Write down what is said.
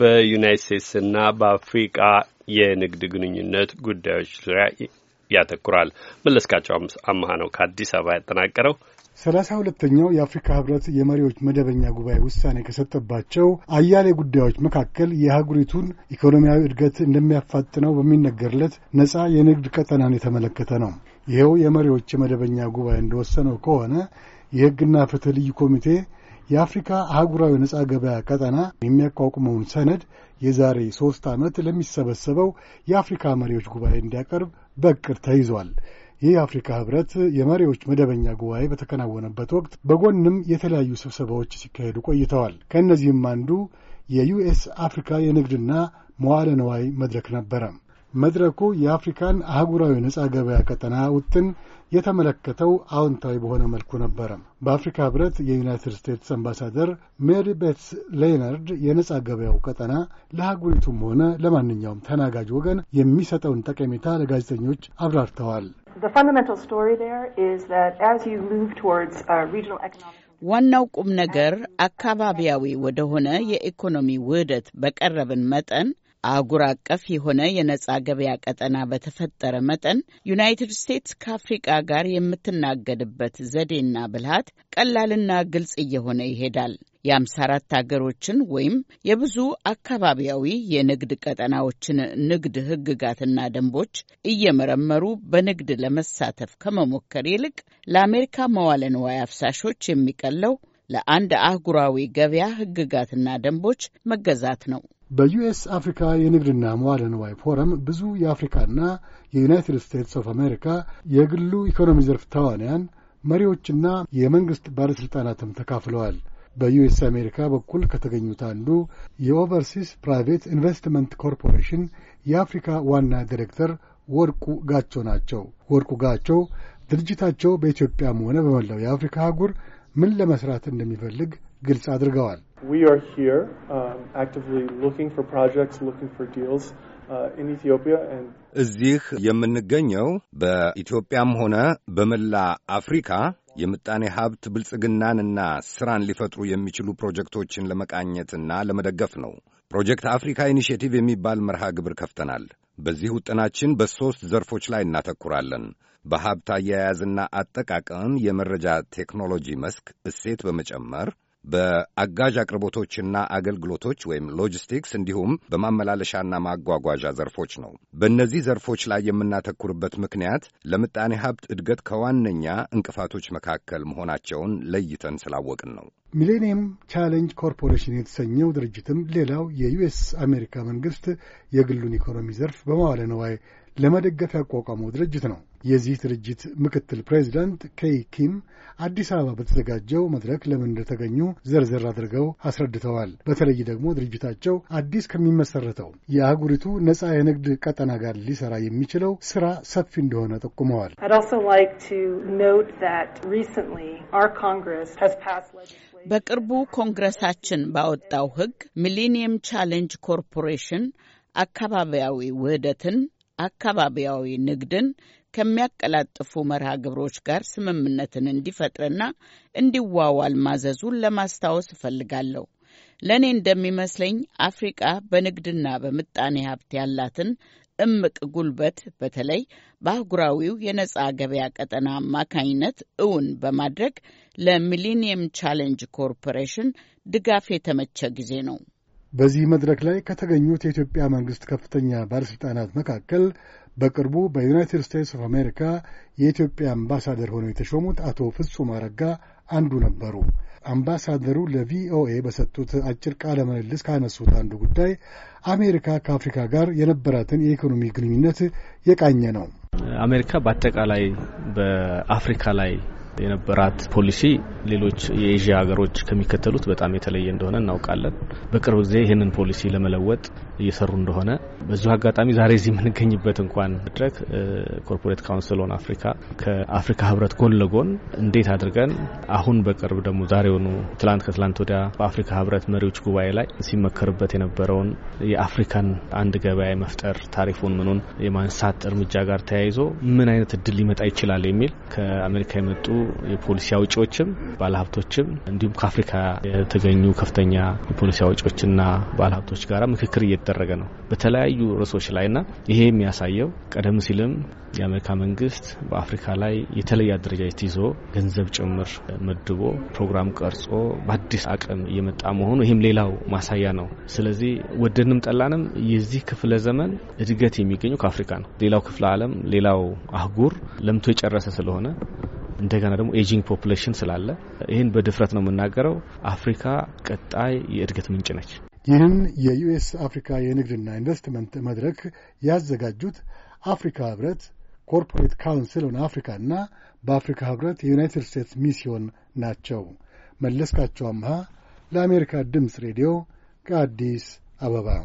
በዩናይት ስቴትስና በአፍሪቃ የንግድ ግንኙነት ጉዳዮች ዙሪያ ያተኩራል። መለስካቸው አመሃ ነው ከአዲስ አበባ ያጠናቀረው። ሰላሳ ሁለተኛው የአፍሪካ ህብረት የመሪዎች መደበኛ ጉባኤ ውሳኔ ከሰጠባቸው አያሌ ጉዳዮች መካከል የአህጉሪቱን ኢኮኖሚያዊ እድገት እንደሚያፋጥነው በሚነገርለት ነጻ የንግድ ቀጠናን የተመለከተ ነው። ይኸው የመሪዎች የመደበኛ ጉባኤ እንደወሰነው ከሆነ የህግና ፍትህ ልዩ ኮሚቴ የአፍሪካ አህጉራዊ ነጻ ገበያ ቀጠና የሚያቋቁመውን ሰነድ የዛሬ ሦስት ዓመት ለሚሰበሰበው የአፍሪካ መሪዎች ጉባኤ እንዲያቀርብ በቅር ተይዟል። ይህ የአፍሪካ ህብረት የመሪዎች መደበኛ ጉባኤ በተከናወነበት ወቅት በጎንም የተለያዩ ስብሰባዎች ሲካሄዱ ቆይተዋል። ከእነዚህም አንዱ የዩኤስ አፍሪካ የንግድና መዋለ ነዋይ መድረክ ነበረ። መድረኩ የአፍሪካን አህጉራዊ ነጻ ገበያ ቀጠና ውጥን የተመለከተው አዎንታዊ በሆነ መልኩ ነበረ። በአፍሪካ ህብረት የዩናይትድ ስቴትስ አምባሳደር ሜሪ ቤትስ ሌናርድ የነጻ ገበያው ቀጠና ለአህጉሪቱም ሆነ ለማንኛውም ተናጋጅ ወገን የሚሰጠውን ጠቀሜታ ለጋዜጠኞች አብራርተዋል። uh, ዋናው ቁም ነገር አካባቢያዊ ወደሆነ የኢኮኖሚ ውህደት በቀረብን መጠን አህጉር አቀፍ የሆነ የነጻ ገበያ ቀጠና በተፈጠረ መጠን ዩናይትድ ስቴትስ ከአፍሪቃ ጋር የምትናገድበት ዘዴና ብልሃት ቀላልና ግልጽ እየሆነ ይሄዳል። የአምሳ አራት ሀገሮችን ወይም የብዙ አካባቢያዊ የንግድ ቀጠናዎችን ንግድ ህግጋትና ደንቦች እየመረመሩ በንግድ ለመሳተፍ ከመሞከር ይልቅ ለአሜሪካ መዋለ ንዋይ አፍሳሾች የሚቀለው ለአንድ አህጉራዊ ገበያ ህግጋትና ደንቦች መገዛት ነው። በዩኤስ አፍሪካ የንግድና መዋለ ንዋይ ፎረም ብዙ የአፍሪካና የዩናይትድ ስቴትስ ኦፍ አሜሪካ የግሉ ኢኮኖሚ ዘርፍ ተዋንያን መሪዎችና የመንግሥት ባለሥልጣናትም ተካፍለዋል። በዩኤስ አሜሪካ በኩል ከተገኙት አንዱ የኦቨርሲስ ፕራይቬት ኢንቨስትመንት ኮርፖሬሽን የአፍሪካ ዋና ዲሬክተር ወርቁ ጋቾ ናቸው። ወርቁ ጋቾ ድርጅታቸው በኢትዮጵያም ሆነ በመላው የአፍሪካ አህጉር ምን ለመሥራት እንደሚፈልግ ግልጽ አድርገዋል። um, uh, እዚህ የምንገኘው በኢትዮጵያም ሆነ በመላ አፍሪካ የምጣኔ ሀብት ብልጽግናንና ሥራን ሊፈጥሩ የሚችሉ ፕሮጀክቶችን ለመቃኘትና ለመደገፍ ነው። ፕሮጀክት አፍሪካ ኢኒሽቲቭ የሚባል መርሃ ግብር ከፍተናል። በዚህ ውጥናችን በሦስት ዘርፎች ላይ እናተኩራለን። በሀብት አያያዝና አጠቃቀም፣ የመረጃ ቴክኖሎጂ መስክ እሴት በመጨመር በአጋዥ አቅርቦቶችና አገልግሎቶች ወይም ሎጂስቲክስ እንዲሁም በማመላለሻና ማጓጓዣ ዘርፎች ነው። በእነዚህ ዘርፎች ላይ የምናተኩርበት ምክንያት ለምጣኔ ሀብት እድገት ከዋነኛ እንቅፋቶች መካከል መሆናቸውን ለይተን ስላወቅን ነው። ሚሌኒየም ቻሌንጅ ኮርፖሬሽን የተሰኘው ድርጅትም ሌላው የዩኤስ አሜሪካ መንግሥት የግሉን ኢኮኖሚ ዘርፍ በመዋለ ነዋይ ለመደገፍ ያቋቋመው ድርጅት ነው። የዚህ ድርጅት ምክትል ፕሬዚዳንት ኬይ ኪም አዲስ አበባ በተዘጋጀው መድረክ ለምን እንደተገኙ ዘርዘር አድርገው አስረድተዋል። በተለይ ደግሞ ድርጅታቸው አዲስ ከሚመሰረተው የአህጉሪቱ ነጻ የንግድ ቀጠና ጋር ሊሰራ የሚችለው ስራ ሰፊ እንደሆነ ጠቁመዋል። በቅርቡ ኮንግረሳችን ባወጣው ሕግ ሚሊኒየም ቻሌንጅ ኮርፖሬሽን አካባቢያዊ ውህደትን፣ አካባቢያዊ ንግድን ከሚያቀላጥፉ መርሃ ግብሮች ጋር ስምምነትን እንዲፈጥርና እንዲዋዋል ማዘዙን ለማስታወስ እፈልጋለሁ። ለእኔ እንደሚመስለኝ አፍሪቃ በንግድና በምጣኔ ሀብት ያላትን እምቅ ጉልበት በተለይ በአህጉራዊው የነፃ ገበያ ቀጠና አማካኝነት እውን በማድረግ ለሚሊኒየም ቻሌንጅ ኮርፖሬሽን ድጋፍ የተመቸ ጊዜ ነው። በዚህ መድረክ ላይ ከተገኙት የኢትዮጵያ መንግሥት ከፍተኛ ባለሥልጣናት መካከል በቅርቡ በዩናይትድ ስቴትስ ኦፍ አሜሪካ የኢትዮጵያ አምባሳደር ሆነው የተሾሙት አቶ ፍጹም አረጋ አንዱ ነበሩ። አምባሳደሩ ለቪኦኤ በሰጡት አጭር ቃለ ምልልስ ካነሱት አንዱ ጉዳይ አሜሪካ ከአፍሪካ ጋር የነበራትን የኢኮኖሚ ግንኙነት የቃኘ ነው። አሜሪካ በአጠቃላይ በአፍሪካ ላይ የነበራት ፖሊሲ ሌሎች የኤዥያ ሀገሮች ከሚከተሉት በጣም የተለየ እንደሆነ እናውቃለን። በቅርብ ጊዜ ይህንን ፖሊሲ ለመለወጥ እየሰሩ እንደሆነ በዚሁ አጋጣሚ ዛሬ እዚህ የምንገኝበት እንኳን መድረክ ኮርፖሬት ካውንስል ኦን አፍሪካ ከአፍሪካ ህብረት ጎን ለጎን እንዴት አድርገን አሁን በቅርብ ደግሞ ዛሬውኑ ትላንት ከትላንት ወዲያ በአፍሪካ ህብረት መሪዎች ጉባኤ ላይ ሲመከርበት የነበረውን የአፍሪካን አንድ ገበያ መፍጠር ታሪፉን ምኑን የማንሳት እርምጃ ጋር ተያይዞ ምን አይነት እድል ሊመጣ ይችላል የሚል ከአሜሪካ የመጡ የፖሊሲ አውጪዎችም ባለሀብቶችም እንዲሁም ከአፍሪካ የተገኙ ከፍተኛ የፖሊሲ አውጪዎችና ባለሀብቶች ጋር ምክክር እየተደረገ ነው በተለያዩ ርዕሶች ላይ ና ይሄ የሚያሳየው ቀደም ሲልም የአሜሪካ መንግስት በአፍሪካ ላይ የተለየ አደረጃጀት ይዞ ገንዘብ ጭምር መድቦ ፕሮግራም ቀርጾ በአዲስ አቅም እየመጣ መሆኑ ይህም ሌላው ማሳያ ነው። ስለዚህ ወደንም ጠላንም የዚህ ክፍለ ዘመን እድገት የሚገኘው ከአፍሪካ ነው። ሌላው ክፍለ አለም ሌላው አህጉር ለምቶ የጨረሰ ስለሆነ እንደገና ደግሞ ኤጂንግ ፖፕሌሽን ስላለ ይህን በድፍረት ነው የምናገረው። አፍሪካ ቀጣይ የእድገት ምንጭ ነች። ይህን የዩኤስ አፍሪካ የንግድና ኢንቨስትመንት መድረክ ያዘጋጁት አፍሪካ ህብረት፣ ኮርፖሬት ካውንስል ኦን አፍሪካ እና በአፍሪካ ህብረት የዩናይትድ ስቴትስ ሚስዮን ናቸው። መለስካቸው አምሃ ለአሜሪካ ድምፅ ሬዲዮ ከአዲስ አበባ